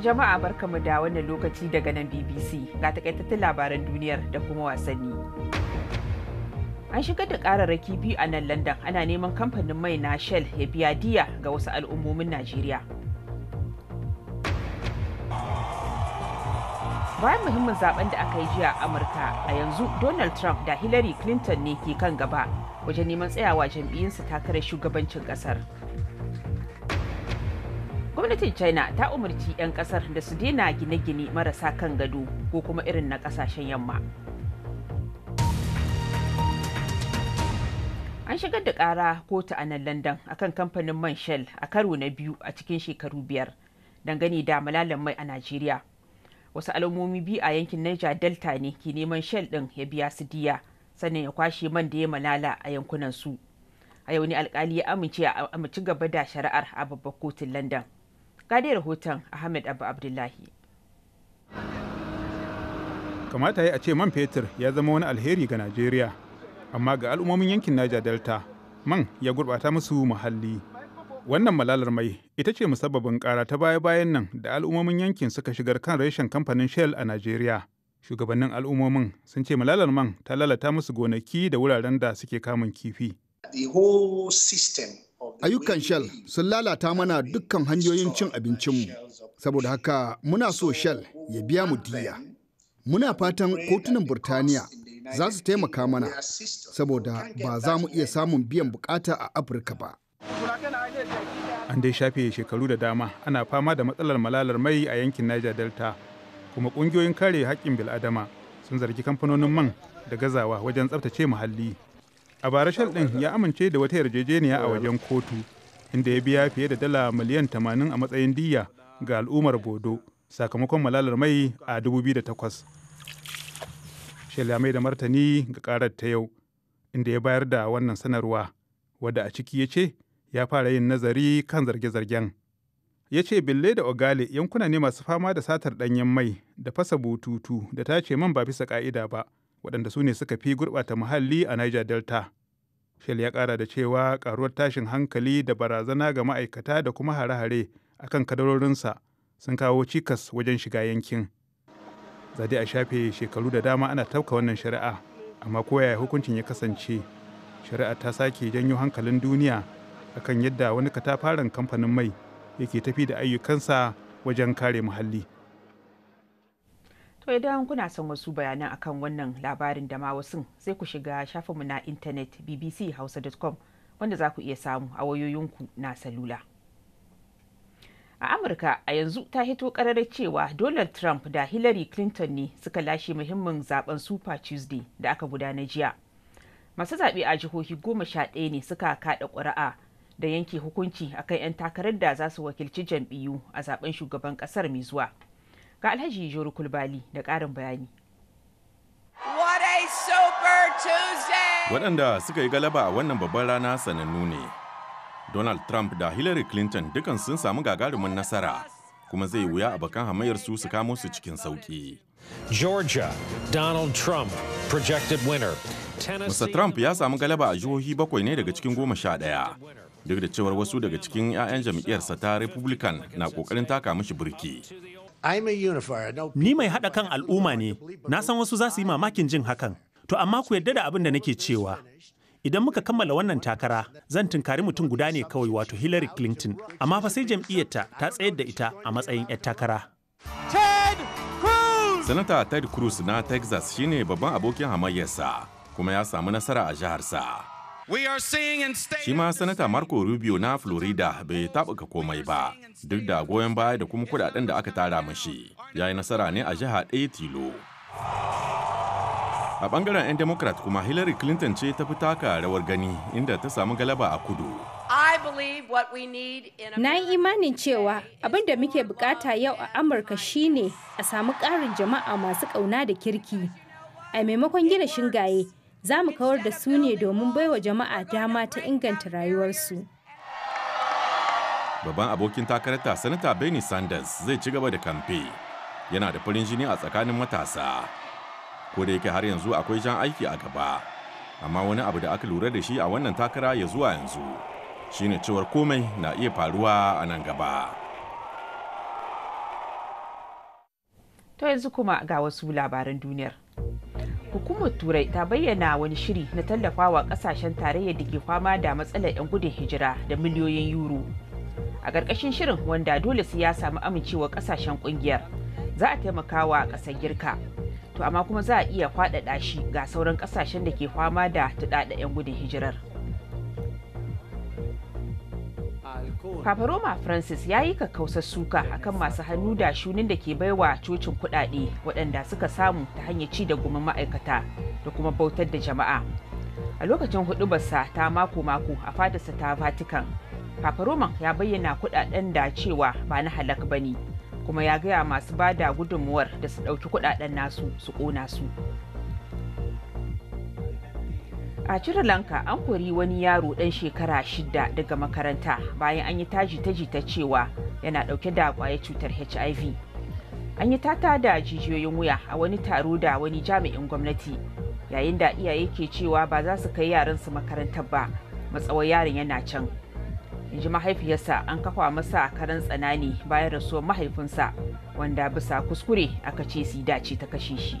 jama'a barkamu da wannan lokaci daga nan BBC ga takaitattun labaran duniyar da kuma wasanni. An shigar da kararraki biyu a nan London ana neman kamfanin mai na Shell ya biya diya ga wasu al'ummomin Najeriya. Bayan muhimmin zaben da aka yi jiya a Amurka a yanzu Donald Trump da Hillary Clinton ne ke kan gaba wajen neman tsayawa jam'iyyinsu takarar shugabancin kasar. gwamnatin china ta umarci 'yan kasar da su daina gine-gine marasa kan gado ko kuma irin na kasashen yamma an shigar da kara kotu a nan london akan kamfanin man shell a karo na biyu a cikin shekaru biyar dangane da malalan mai a najeriya wasu alamomi biyu a yankin niger delta ne ke neman shell din ya biya su diya sannan ya kwashe man da ya malala a yankunan su a yau ne alkali ya amince a amince gaba da shari'ar a babbar kotun london gadi rahoton ahmed abu abdullahi kamata yi a ce man fetur ya zama wani alheri ga najeriya amma ga al'ummomin yankin naja delta man ya gurɓata musu muhalli wannan malalar mai ita ce musabbabin ƙara ta baya-bayan nan da al'ummomin yankin suka shigar kan reshen kamfanin shell a najeriya shugabannin al'ummomin sun ce malalar man ta lalata musu gonaki da wuraren da suke kamun kifi the whole system Ayyukan Shell sun lalata mana dukkan hanyoyin cin abincinmu, saboda haka muna so Shell ya biya mu diya. Muna fatan kotunan Burtaniya za su taimaka mana, saboda ba za mu iya samun biyan bukata a Afirka ba. An dai shafe shekaru da dama ana fama da matsalar malalar mai a yankin Niger Delta, kuma ƙungiyoyin kare haƙƙin bil'adama sun zargi kamfanonin man da gazawa wajen tsabtace muhalli. a bara shal ɗin ya amince da wata yarjejeniya a wajen kotu inda ya biya fiye da dala miliyan tamanin a matsayin diya ga al'ummar bodo sakamakon malalar mai a 2008 da takwas mai da martani ga karar ta yau inda ya bayar da wannan sanarwa wadda a ciki ya ce ya fara yin nazari kan zarge-zargen ya ce bille da ogale yankuna ne masu fama da satar ɗanyen mai da fasa bututu da ta ce man ba bisa ƙa'ida ba waɗanda su ne suka fi gurɓata muhalli a Niger Delta. Shell ya ƙara da cewa ƙaruwar tashin hankali da barazana ga ma'aikata da kuma hare-hare a kan kadarorinsa sun kawo cikas wajen shiga yankin. Zade a shafe shekaru da dama ana tafka wannan shari'a, amma koya hukuncin ya kasance, shari'a ta sake janyo hankalin duniya akan yadda wani katafaren kamfanin mai yake tafi da ayyukansa wajen kare muhalli. To idan kuna son wasu bayanan akan wannan labarin da ma wasu sai ku shiga shafinmu na intanet bbchausa.com wanda za ku iya samu a wayoyinku na salula. A Amurka a yanzu ta hito kararar cewa Donald Trump da Hillary Clinton ne suka lashe muhimmin zaben Super Tuesday da aka gudana jiya. Masu zaɓe a jihohi goma sha ɗaya ne suka kaɗa ƙuri'a da yanke hukunci akan 'yan takarar da za su wakilci jam'iyyu a zaben shugaban ƙasar mai zuwa. ga alhaji joro kulbali da ƙarin bayani waɗanda suka yi galaba a wannan babban rana sanannu ne donald trump da hillary clinton dukan sun samu gagarumin nasara kuma zai wuya a bakan hamayyar su su kamo su cikin sauki. georgia donald trump projected winner Mr. Trump ya samu galaba a jihohi bakwai ne daga cikin goma sha ɗaya. Duk da cewar wasu daga cikin 'ya'yan jam'iyyarsa ta Republican na ƙoƙarin taka mashi birki. Ni mai haɗa kan al'umma ne, na san wasu za su yi mamakin jin hakan. To amma ku yarda da abin da nake cewa. Idan muka kammala wannan takara, zan tunkari mutum guda ne kawai wato Hillary Clinton, amma fa sai jam'iyyarta ta tsayar da ita a matsayin 'yar takara. Sanata Ted Cruz na Texas shine babban abokin hamayyarsa, kuma ya samu nasara a jiharsa. Shi ma Sanata Marco Rubio na Florida bai taɓuka komai ba, duk da goyon baya da kuma kudaden da aka tara mashi. Ya yi nasara ne a jiha ɗaya tilo. A bangaren 'yan Democrat kuma Hillary Clinton ce ta fi taka rawar gani inda ta samu galaba a kudu. Na yi imanin cewa abin da muke bukata yau a Amurka shine a samu karin jama'a masu kauna da kirki. A maimakon gina shingaye, za mu kawar da su ne domin baiwa jama'a dama ta inganta rayuwarsu. Babban abokin takararta Sanata Bernie Sanders zai ci gaba da kamfe. Yana da farin jini a tsakanin matasa. Ko da yake har yanzu akwai jan aiki a gaba. Amma wani abu da aka lura da shi a wannan takara ya zuwa yanzu. Shine cewar komai na iya faruwa a nan gaba. To yanzu kuma ga wasu labaran duniyar. hukumar turai ta bayyana wani shiri na tallafa wa kasashen tarayyar da ke fama da matsalar 'yan gudun hijira da miliyoyin euro a ƙarƙashin shirin wanda dole sai ya samu amincewa kasashen ƙungiyar za a taimaka wa ƙasar girka to amma kuma za a iya faɗaɗa shi ga sauran ƙasashen da ke fama da tuɗaɗa 'yan gudun hijirar Papa Roma Francis ya yi kakkausar suka akan masu hannu da shunin da ke baiwa cocin kuɗaɗe waɗanda suka samu ta hanyar ci da goma ma'aikata da kuma bautar da jama'a. A lokacin hudubarsa ta mako-mako a fadarsa ta Vatican, Papa ya bayyana kuɗaɗen da cewa ba na halak ba ne, kuma ya gaya masu bada gudunmuwar da su ɗauki kuɗaɗen nasu su ƙona su. a Sri Lanka an kori wani yaro ɗan shekara shida daga makaranta bayan an yi taji ta jita cewa yana ɗauke da ƙwayar cutar HIV. An yi tata da jijiyoyin wuya a wani taro da wani jami'in gwamnati yayin da iyaye ke cewa ba za su kai yaransu makarantar ba matsawar yaron yana can. in ji mahaifiyarsa an kafa masa karan tsanani bayan rasuwar mahaifinsa wanda bisa kuskure aka ce su dace ta kashe shi.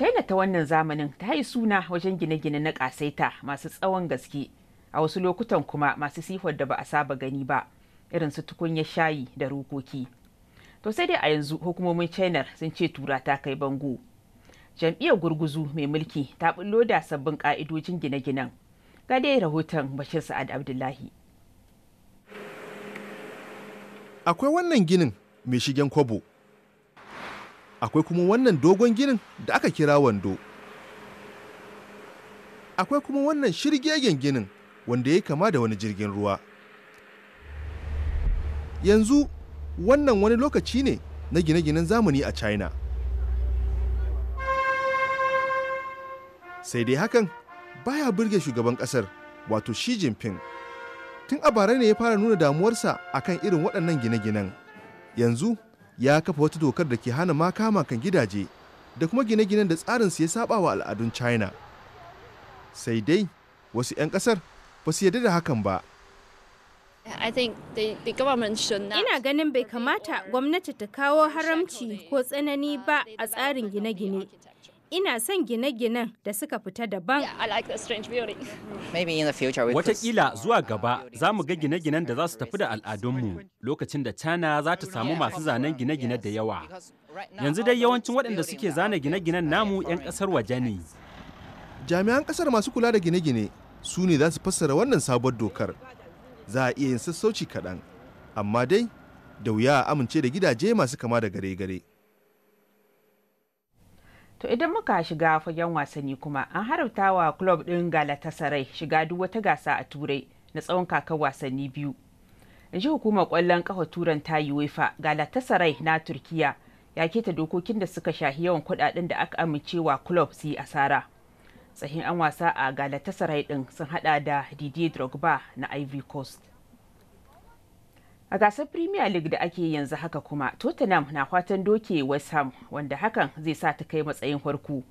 China ta wannan zamanin ta yi suna wajen gine-gine na ƙasaita masu tsawon gaske a wasu lokutan kuma masu sifar da ba a saba gani ba irin su tukunyar shayi da rukoki To sai dai a yanzu hukumomin China sun ce tura ta kai bango. Jam'iyyar gurguzu mai mulki ta bullo da sabbin ka'idojin gine-ginen. Ga dai rahoton Bashir Sa'ad Abdullahi. Akwai wannan ginin mai shigen kwabo akwai kuma wannan dogon ginin da aka kira wando akwai kuma wannan shirgegen ginin wanda ya kama da wani jirgin ruwa yanzu wannan wani lokaci ne na gine-ginen zamani a china sai dai hakan baya birge shugaban kasar wato shi jinping tun a bara ne ya fara nuna damuwarsa akan irin waɗannan gine-ginen yanzu ya kafa wata dokar da ke hana makama kan gidaje da kuma gine-ginen da tsarin su ya saba wa al'adun china sai dai wasu 'yan kasar ba su yarda da hakan ba ina ganin bai kamata gwamnati ta kawo haramci ko tsanani ba a tsarin gine-gine Ina son gine-ginen da suka fita daban. Wataƙila zuwa gaba za mu ga gine-ginen da za su tafi da al'adunmu lokacin da China za ta samu masu zanen gine-gine da yawa. Yanzu dai yawancin waɗanda suke zana gine-ginen namu 'yan ƙasar waje ne. Jami'an ƙasar masu kula da gine-gine su ne za su fassara wannan sabon dokar. Za a iya yin sassauci kaɗan, amma dai da wuya a amince da gidaje masu kama da gare-gare. To idan muka shiga fagen wasanni kuma an harauta wa club ɗin Galatasaray shiga duk wata gasa a Turai na tsawon kakar wasanni biyu. In ji hukumar kwallon ƙafa turan ta UEFA Galatasaray na Turkiya ya keta dokokin da suka shahi yawan kuɗaɗen da aka amincewa club su yi asara. Tsahin an wasa a Galatasaray ɗin sun haɗa da Didier Drogba na Ivory Coast. a gasar premier league da ake yanzu haka kuma tottenham na fatan doke west ham wanda hakan zai sa ta kai matsayin farko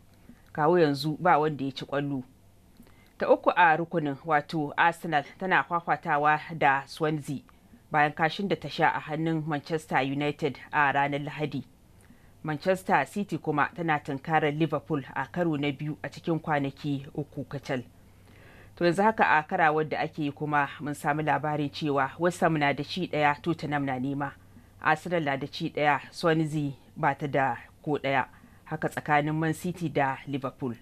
kawo yanzu ba wanda ya ci kwallo ta uku a rukunin wato arsenal tana kwakwatawa da swansea bayan kashin da ta sha a hannun manchester united a ranar lahadi manchester city kuma tana tunkarar liverpool a karo na biyu a cikin kwanaki uku kacal. to yanzu haka a karawar da ake yi kuma mun sami labari cewa wasu na da ci daya tottenham na nema arsenal na da ci daya swansea ba ta da ko daya haka tsakanin man city da liverpool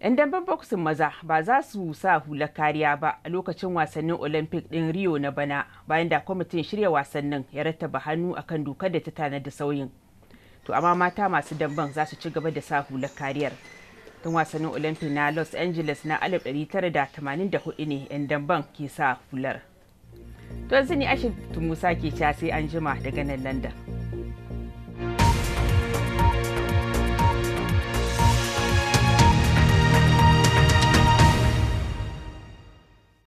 yan damben boxing maza ba za su sa hular kariya ba a lokacin wasannin olympic din rio na bana bayan da kwamitin shirya wasannin ya rattaba hannu akan dokar da ta da sauyin to amma mata masu damben za su ci gaba da sa hular kariyar don wasannin olympic na los angeles na 1984 ne 'yan damban ke sa fular to zini ashe musa ke ca sai an jima daga nan london